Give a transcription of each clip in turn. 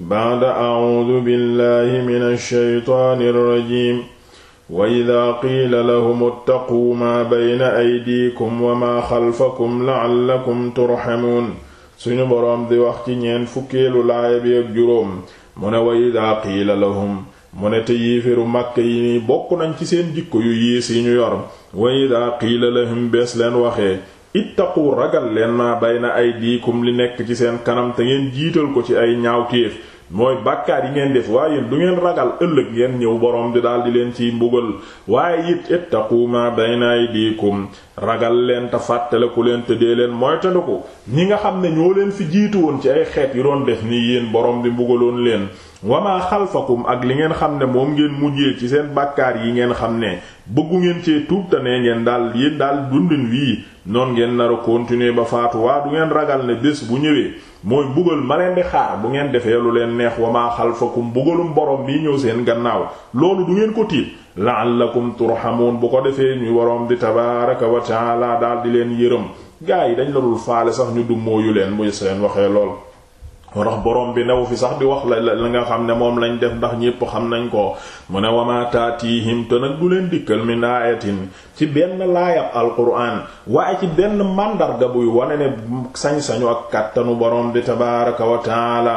bacda acuudu billahi min alsheytaan alrajim wa ida qiila lahum ittaquu maa bayna aydiikum wa maa xalfakum lacallakum turxamuun suñu boroom di wax ci ñeen fukkeelu laaya bi ak juróom mu ne wa ida qiila lahum mu ne te yiifiru màkk yi bokk nañ ci seen jikko yu yiis yi ñu yor wa ida qiila lahum bees leen waxee ittaqu ragal leen maa bayna aydiikum li nekk ci seen kanam te ngeen jiital ko ci ay ñaawtéef mooy bàkkaar yi ngeen def waaye du ngeen ragal ëllëg ngeen ñëw borom bi daal di leen ciy mbugal waaye it ittaqu ma bayna aydikum ragal leen te fàttale ku leen tëddee leen moytandiku ñi nga xam ne ñoo leen fi jiitu woon ci ay xeet yu doon def nii yéen borom bi mbugaloon leen wamaa xalfakum ak li ngeen xam ne moom ngeen mujjee ci seen bàkkaar yi ngeen xam ne bëggu ngeen cee tuub te nee ngeen daal yéen daal dundin wii noon ngeen nar a ba faatu waa du ngeen ragal ne bés bu ñëwee mooy mbugal ma leen di xaar bu ngeen defee lu leen neex wa maa xalfakum mbugalum borom bii ñëw seen gannaaw loolu du ngeen ko tiit la'allakum xamoon bu ko defee ñu borom di tabaaraka wa ta'ala daal di leen yërëm gaa yi dañ la dul faale sax ñu dummóoyu leen muy seen waxee lool. moo tax borom bi new fi sax bi wax la la nga xam ne moom lañu def ndax ñépp xam nañ ko mu ne wama taatihim te nag du leen dikkal mi min ayatin ci benn laayab alquran waaye ci benn màndarga buy wane ne sañ-sañu ak kàttanu borom bi tabaraka wa taala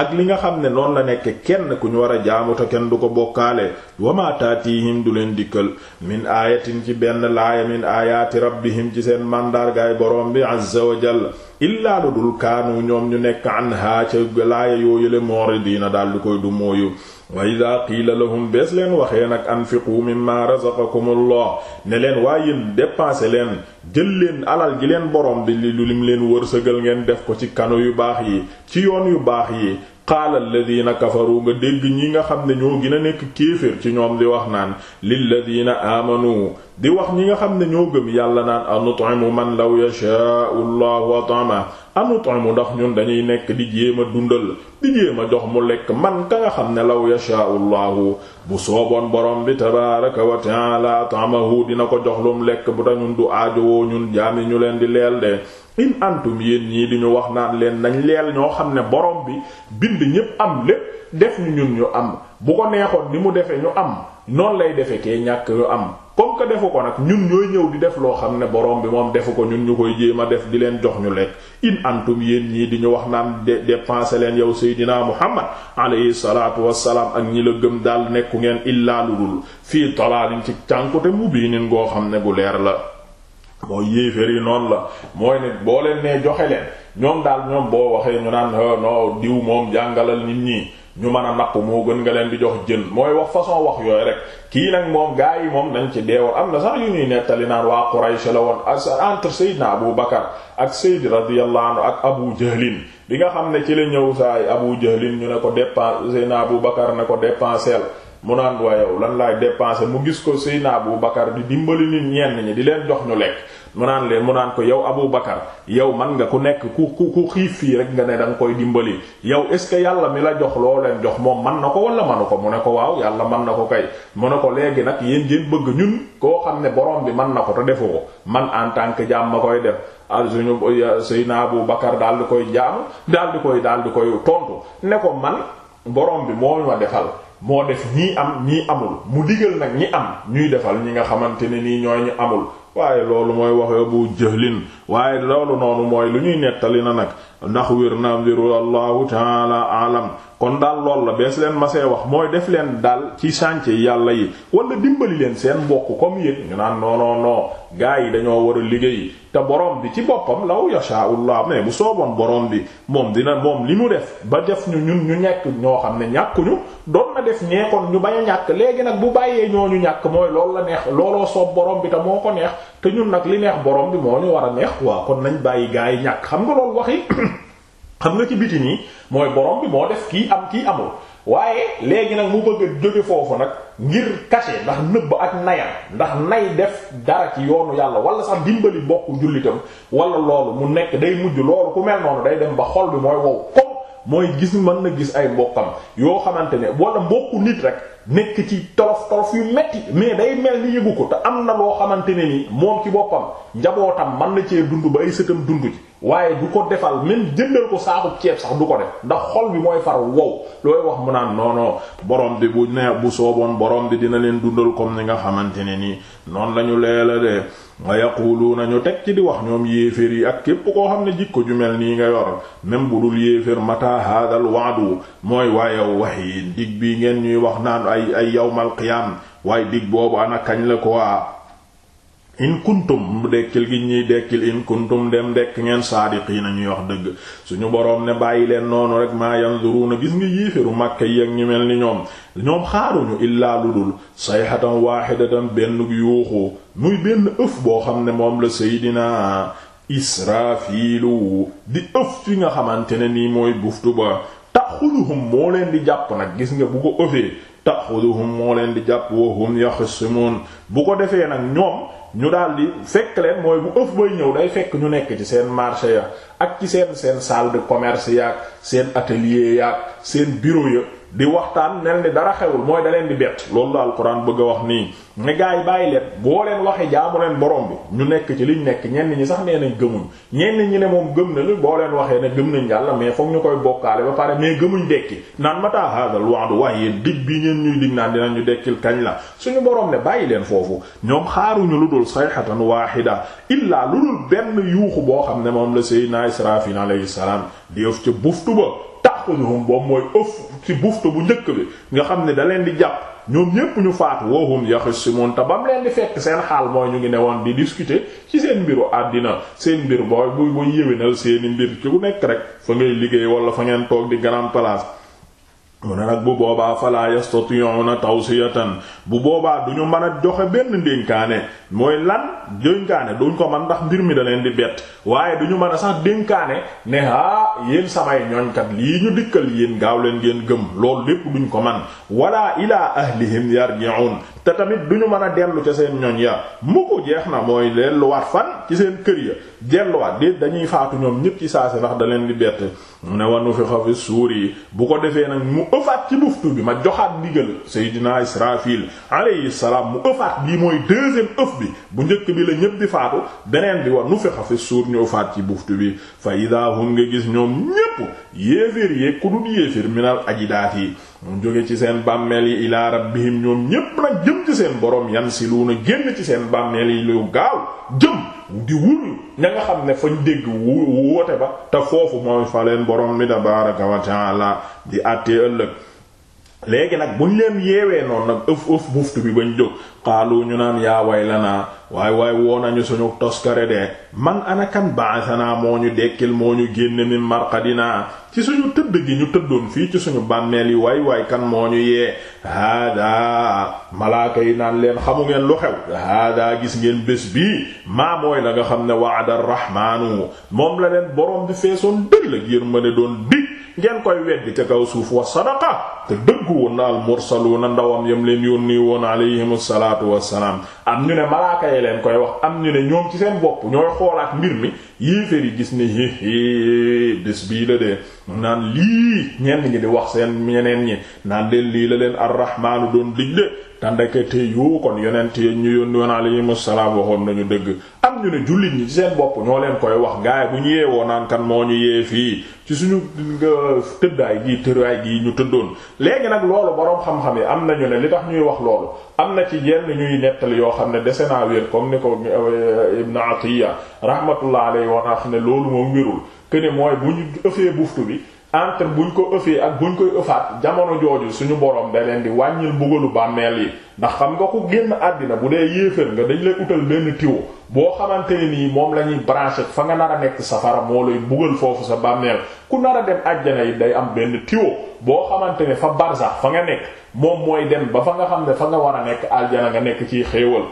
ak li nga xam ne noonu la nekk kenn ku ñu war a jaamu kenn du ko bokkaale wama taatihim du leen dikkal min aayatin ci benn laaya min aayaati rabbihim ci seen màndargaay borom bi azza wa jalla illaa lu dul kaanu ñoom ñu nekk an haa ca laaya yooyule moori diina daal di koy du mooyu wa ida qiila lahum bees leen waxee nag anfiqu mimma razaqakumullah ne leen waa yéen dépensé leen jël leen alal ji leen borom bi lu lim leen wërsëgal ngeen def ko ci kano yu baax yi ci yoon yu baax yi qaala alladina kafaru nga dégg ñi nga xam ne ñoo gën a nekk kéeféer ci ñoom di wax naan lilladina aamanu di wax ñi nga xam ne ñoo gëm yàlla naan anut'imu man law yashaa'u allahu at'ama anut'imu ndax ñun dañuy nekk di jéem a dundal di jéem a jox mu lekk man ka nga xam ne law yashaa'u allahu bu sooboon borom bi tabaaraka wa ta'aala at'amahu dina ko jox lum lekk bu dañun du aajowoo ñun jaami ñu leen di leel de in antum yéen ñii di ñu wax naan leen nañ leel ñoo xam ne borom bi bind ñépp am lépp def ñu ñun ñu am bu ko neexoon ni mu defee ñu am noonu lay defe kee ñàkk ñu am comme que defu ko nag ñun ñooy ñëw di def loo xam ne borom bi moom defu ko ñun ñu koy jéem a def di leen jox ñu lekk in antum yéen ñii di ñu wax naan de dépenser leen yow seydinaa muhammad alayhi salaatu wassalaam ak ñi la gëm daal nekku ngeen illaa lu dul fii dalaalin ci cànkute mu biinin goo xam ne gu leer la mooy yéeféer yi noonu la mooy ne boo leen nee joxe leen ñoom daal ñoom boo waxee ñu naan oh, noo diw moom jàngalal nit ñi ñu man a napp moo gën nga leen di jox jën mooy wax façon wax yooyu rek kii nag moom gaa yi moom nañ ci deewoon am na sax yu ñuy nettali naan waa Quraysh la woon entre Seydina Abu Bakar ak Seyd radiyallahu anhu ak Abu Jahlin bi nga xam ne ci la ñëw saa saay Abu Jahlin ñu ne ko dépense na Abu Bakar ne ko dépensel mu naan waa yow lan laay dépenser mu gis ko Seyna Abu Bakar di dimbali nit ñenn ñi di leen jox ñu lekk mu naan leen mu naan ko yow Abu Bakar yow man nga ku nekk ku ku ku xiif fii rek nga ne da koy dimbali yow est ce que yàlla mi la jox loo leen jox moom man na ko wala manu ko mu ne ko waaw yàlla man na ko kay mu ne ko léegi nag yéen ngeen bëgg ñun koo xam ne borom bi man na ko te defu ko man en tant que jaam ma koy def al ah suñu Seyna Abu Bakar daal di koy jaamu daal di koy daal di koy tontu ne man borom bi moo defal. moo def ñii am ñii amul mu digal nag ñi am ñuy defal ñi nga xamante ne nii ñooy ñu amul waaye loolu mooy waxe Abu Jahlin waaye loolu noonu mooy lu ñuy nettali na nag ndax wér na am wiru allahu taala alam kon daal loolu la bees leen masee wax mooy def leen daal ci chantier yàlla yi wala dimbali leen seen mbokk comme yéen ñu naan non non yi dañoo war a liggéey te borom bi ci boppam law yasha'ullah mais bu sooboon boroom bi moom dina moom li mu def ba def ñu ñun ñu ñekk ñoo xam ne ñàkkuñu doon na def ñeekoon ñu bañ a ñàkk léegi nag bu bàyyee ñoo ñu ñàkk mooy loolu la neex looloo soob borom bi te moo ko neex te ñun nag li neex borom bi moo ñu war a neex quoi kon nañ bàyyi gars yi ñàkk xam nga loolu waxi xam na ci biti nii mooy borom bi moo def kii am kii amul waaye léegi nag mu bëgg a jóge foofu nag ngir caché ndax nëbb ak nayam ndax nay def dara ci yoonu yàlla wala sax dimbali bokk jullitam wala loolu mu nekk day mujj loolu ku mel noonu day dem ba xol bi mooy wow kom mooy gis mën na gis ay mbokkam yoo xamante ne wala mbokku nit rek nekk ci tolof tolof yu metti mais day mel ni yëgu ko te am na loo xamante ne ni moom ci boppam njabootam man na cee dund ba ay sëtam dund ci waaye du ko defal même jëndal ko saaku ceeb sax du ko def ndax xol bi mooy far wow looy wax mu naan noono borom bi bu ne bu sooboon borom bi dina leen dundal kom ni nga xamante ne nii noonu lañu leela de nga yaquluuna ñu teg ci di wax ñoom yéeféer yi ak képp koo xam ne jikko ju mel nii nga yor même bu dul yéeféer mata hadal waadu mooy waaye wax yi dig bi ngeen ñuy wax naan ay ay yawmal qiyam waaye dig boobu ana kañ la ko waa in mu dekkil gi ñuy dekkil in dem dekk ngeen saadiqiina ñuy wax dëgg suñu boroom ne bàyyi leen noonu rek maa yanzuruuna gis nga yéeféru màkka yi ak ñu mel ni ñoom ñoom xaaruñu illaa lu dul sayxatan waaxidatan benn yuuxu muy benn ëf boo xam ne moom la seydinaa israafiilu di ëf fi nga xamante ne nii mooy buftu ba taxuduhum moo leen di jàpp nag gis nga bu ko ëfee taxuduhum moo leen di jàpp wa hum yaxisimuun bu ko defee nag ñoom ñu daal di fekk leen mooy bu ëf bay ñëw day fekk ñu nekk ci seen marché ya ak ci seen seen salle commerce yaak seen atelier yaak seen bureau ya di waxtaan mel ni dara xewul mooy da leen di bett loolu la alxuraan bëgg a wax nii ne gaa yi bàyyi leen boo leen waxee jaamu leen borom bi ñu nekk ci liñ nekk ñenn ñi sax nee nañ gëmuñ ñenn ñi ne moom gëm na lu boo leen waxee ne gëm nañ yàlla mais foog ñu koy bokkaale ba pare mais gëmuñ dekki naan mata hadal wa'du waaye yéen dig bi ñeen ñuy dig naan dinañ ñu dekkil kañ la suñu borom ne bàyyi leen foofu ñoom xaaruñu lu dul sayhatan waahida illaa lu dul benn yuuxu boo xam ne moom la Seydina Israfil alayhi salaam di ëf ca buftu ba taxuduhum boobu mooy ëf ci buftu bu njëkk bi nga xam ne da leen di jàpp ñoom ñépp ñu faatu woohum yaxisimun te ba mu leen di fekk seen xaal mooy ñu ngi ne woon di discuter ci seen mbiru àddina seen mbir booy bu bu yéwénal seeni mbir ci ku nekk rek fa ngay liggéey wala fa ngeen toog di grand place mu ne nag bu boobaa falaa yastati'una tawsiyatan bu boobaa duñu mën a joxe benn ndénkaane mooy lan dénkaane duñ ko man ndax mbir mi da leen di bett waaye duñu mën a sax dénkaane ne haa ah, yéen samay ñoñkat lii ñu dikkal yéen gaaw leen ngeen gëm loolu lépp duñ ko man wala ilaa ahlihim yarji'un te tamit du ñu mën a dellu ca seen ñoñ ya mu ko jeex na mooy delluwaat fan ci seen kër ya delluwaat déet dañuy faatu ñoom ñépp ci saase ndax da leen di bett mu ne wanu fi suur yi bu ko defee nag mu ëfaat ci buftu bi ma joxaat ndigal Seydina Israfil alayhi salaam mu ëfaat bi mooy deuxième ëf bi bu njëkk bi la ñépp di faatu beneen bi wanu fi xafi suur ñu ëfaat ci buftu bi fa idaa hum nga gis ñoom ñépp yéeféer yéeg ku dul yéeféer minal ajidaat yi mu jóge ci seen bàmmeel yi ilaa rabbihim ñoom ñépp nag jëm ci seen borom yan si lu na génn ci seen bàmmeel yi lu gaaw jëm di wul ña nga xam ne fañ dégg woote ba te foofu mooy fa leen borom mi tabaaraka wa taala di àttee ëllëg léegi nag buñ leen yeewee noonu nag ëf ëf buftu bi bañ jóg xaalu ñu naan yaa way la naa waay waay woo nañu suñu toskare de man anakan baasanaa moo ñu dekkil moo ñu génn min marqadinaa ci suñu tëdd gi ñu tëddoon fii ci suñu bànneel yi waay waay kan moo ñu yee haada malaaka yi naan leen xamu ngeen lu xew haada gis ngeen bés bi maa mooy la nga xam ne waada rahmaanu moom la leen borom bi feesoon dëgg la yéen ma ne doon dig ngeen koy weddi ca kaw suuf wa sadaqa te dëggu woon na al mursaluuna ndawam yam leen nii woon alayhimu salaatu wassalaam am ñu ne malaaka yi leen koy wax am ñu ne ñoom ci seen bopp ñooy xoolaat mbir mi yéeféer yi gis ni hi hi bés bii la dee naan lii ñenn ñi di wax seen ñeneen ñi naan leen lii la leen arrahmaanu doon dig de tandekete yoo kon yonent yi ñu yónni woon alayhimu salaam waxoon nañu dëgg am ñu ne jullit ñi ci seen bopp ñoo leen koy wax gaay bu ñu yeewoo naan kan moo ñu fii ci suñu euh, tëddaay gi tëraay gi ñu tëddoon léegi nag loolu boroom xam-xam yi am nañu ne li tax ñuy wax loolu am na ci yenn ñuy nettali yoo xam ne dese naa comme ni ko euh, Ibn Atiya rahmatullah alayhi wa xam ne loolu moom wérul que mooy bu ñu ëffee buftu bi. entre buñ ko ëffee ak buñ koy ëffaat jamono jooju suñu borom da di wàññil mbugalu bàmmeel yi ndax xam nga ko génn àddina bu dee yéeféer nga dañ lay utal benn tiwo boo xamante ne nii moom la ñuy branché fa nga nar a nekk safara moo lay mbugal foofu sa bàmmeel ku nar dem àjjana yi day am benn tiwo boo xamante ne fa barsax fa nga nekk moom mooy dem ba fa nga xam ne fa nga war a nekk aljana nga nekk ciy xéewal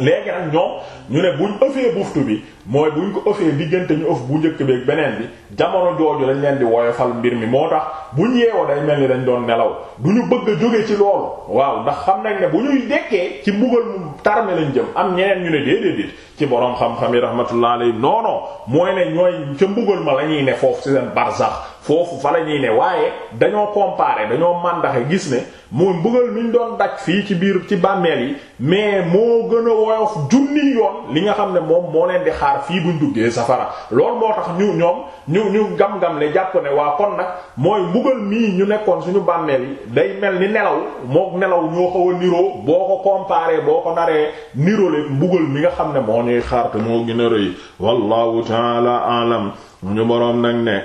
léegi nag ñoom ñu ne buñ ëffee buftu bi mooy buñ ko ëffee diggante ñu ëff bu njëkk beeg beneen bi jamono jooju dañ leen di woyofal mbir mi moo tax buñ yeewoo day mel ni dañ doon nelaw du ñu bëgg a jóge ci loolu waaw ndax xam nañ ne bu ñuy dekkee ci mbugal mu tarme lañ jëm am ñeen ñu ne déedéedéet ci borom xam-xam yi rahmatullah alayhi non non mooy ne ñooy ca mbugal ma la ñuy ne foofu ci seen barsax foofu fa la ne waaye dañoo comparer dañoo màndaxe gis ne mooy mbugal mi ñu doon daj fii ci biir ci bàmmeel yi mais moo gën a woyof junni yoon li nga xam ne moom moo leen di xaar fii buñ duggee safara lool moo tax ñu ñoom ñu ñu gam-gam ne jàpp ne waa kon nag mooy mbugal mii ñu nekkoon suñu bàmmeel yi day mel ni nelaw mook nelaw ñoo xaw niroo boo ko comparer boo ko naree niroole mbugal mi nga xam ne moo ñuy xaar te moo gën a rëy wallahu taala alam ñu boroom nag ne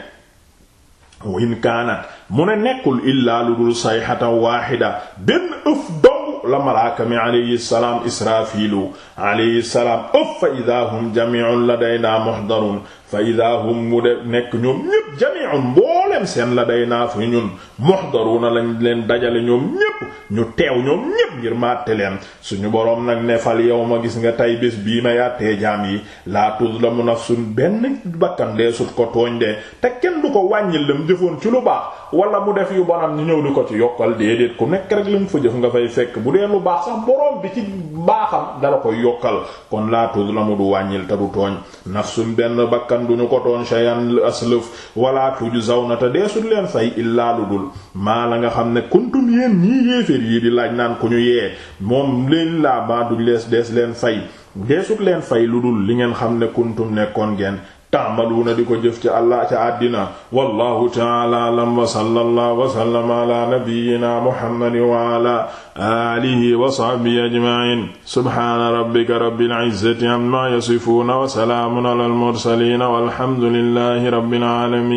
wa in kaanat mu ne nekkul illaa lu dul sayxatan waaxida benn ëf dong la malaaka mi alayhi salaam israfilu alayhi salaam ëf fa ida hum jamiun ladaynaa muhdarun fa ida hum mu de nekk ñoom ñépp jamiun mboolem seen ladaynaa fi ñun muhdaruna lañ leen dajale ñoom ñu teew ñoom ngir màtte leen suñu boroom nag ne fal yow ma gis nga tey bés bii ma yàttee jaam yi laa tuzlamu nafsun benn bakkan dee sut ko de te kenn du ko wàññil dem jëfoon ci lu baax wala mu def yu bonam ñu ñëw di ko ci yokkal déedéet ku nekk rek lañ fa jëf nga fay fekk bu dee lu baax sax boroom bi ci baaxam dala koy yokkal kon laa tuzlamu du wàññil te du tooñ nafsun benn bakkan duñu ko tooñ shay'an aslëf wala tujzawna te dee sut leen fay illaa lu dul maa la nga xam ne kuntum yeen ñi yéeféer yi di laaj naan ku ñu yee moom leen laa ba du lees dees leen fay deesut leen fay lu dul li ngeen xam ne kuntum nekkoon ngeen taamaluuna di ko jëf ci allah ca àddina wallahu taala alam wa sallallahu wa sallama ala nabiyyina muhammadin wa ala alihi wa sahbihi ajma'in subhana rabbika rabbil izzati amma yasifuna wa salaamun ala al mursalin walhamdulillahi rabbil alamin